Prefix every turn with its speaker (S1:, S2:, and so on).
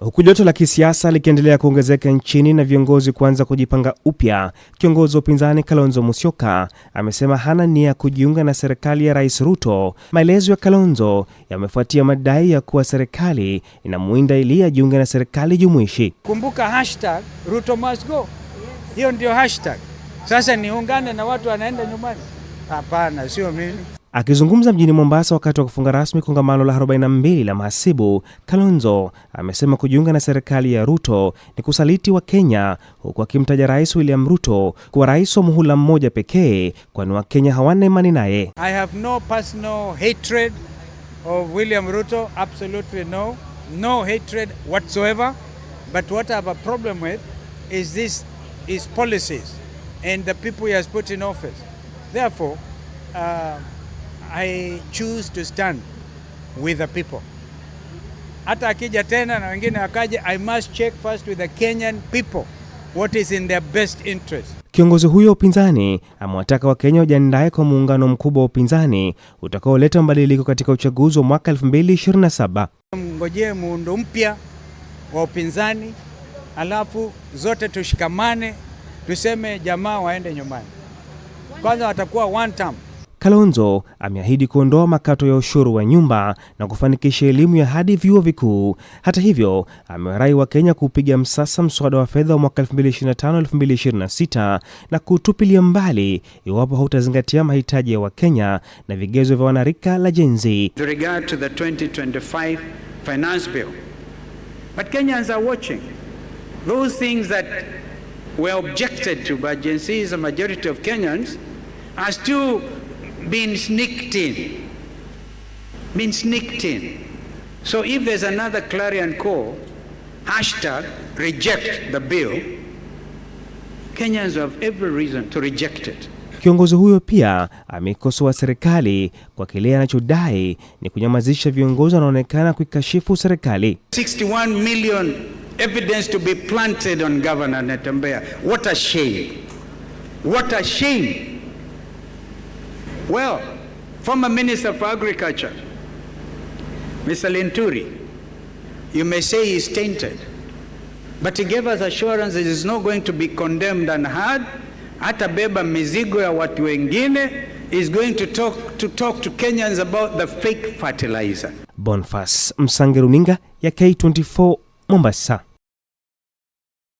S1: Huku joto la kisiasa likiendelea kuongezeka nchini na viongozi kuanza kujipanga upya, kiongozi wa upinzani Kalonzo Musyoka amesema hana nia ya kujiunga na serikali ya Rais Ruto. Maelezo ya Kalonzo yamefuatia madai ya kuwa serikali inamwinda ili ajiunge na serikali jumuishi.
S2: Kumbuka hashtag Ruto must go, hiyo ndio hashtag. Sasa niungane na watu wanaenda nyumbani? Hapana, sio mimi.
S1: Akizungumza mjini Mombasa wakati wa kufunga rasmi kongamano la 42 la mahasibu, Kalonzo amesema kujiunga na serikali ya Ruto ni kusaliti wa Kenya, huku akimtaja Rais William Ruto kuwa rais wa muhula mmoja pekee, kwani Wakenya hawana imani naye.
S3: I have no personal hatred of William Ruto, absolutely no. No hatred whatsoever, but what I have a problem with is this, his policies and the people he has put in office. Therefore, uh, I choose to stand with the people. Hata akija tena na wengine wakaje, I must check first with the Kenyan people what is in their best interest.
S1: Kiongozi huyo upinzani amewataka Wakenya wajiandae kwa muungano mkubwa wa upinzani utakaoleta mabadiliko katika uchaguzi wa mwaka 2027.
S2: Mngojee muundo mpya wa upinzani, alafu zote tushikamane, tuseme jamaa waende nyumbani. Kwanza watakuwa one time.
S1: Kalonzo ameahidi kuondoa makato ya ushuru wa nyumba na kufanikisha elimu ya hadi vyuo vikuu. Hata hivyo, amewarai Wakenya kuupiga msasa mswada wa fedha wa mwaka 2025/2026 na kutupilia mbali iwapo hautazingatia mahitaji ya Wakenya na vigezo vya wanarika la Gen Z
S4: been sneaked in. Been sneaked in. So if there's another clarion call, hashtag reject the bill, Kenyans have every reason to reject it.
S1: Kiongozi huyo pia amekosoa serikali kwa kile anachodai ni kunyamazisha viongozi wanaonekana kuikashifu serikali.
S4: 61 million evidence to be planted on Governor Natembeya. What a shame. What a shame. Well, former Minister for Agriculture, Mr. Linturi, you may say he's tainted, but he gave us assurance that he's not going to be condemned and hard. beba mizigo ya watu wengine is going to talk, to talk to Kenyans about the fake fertilizer.
S1: Bonfas msangeruninga ya K24 Mombasa.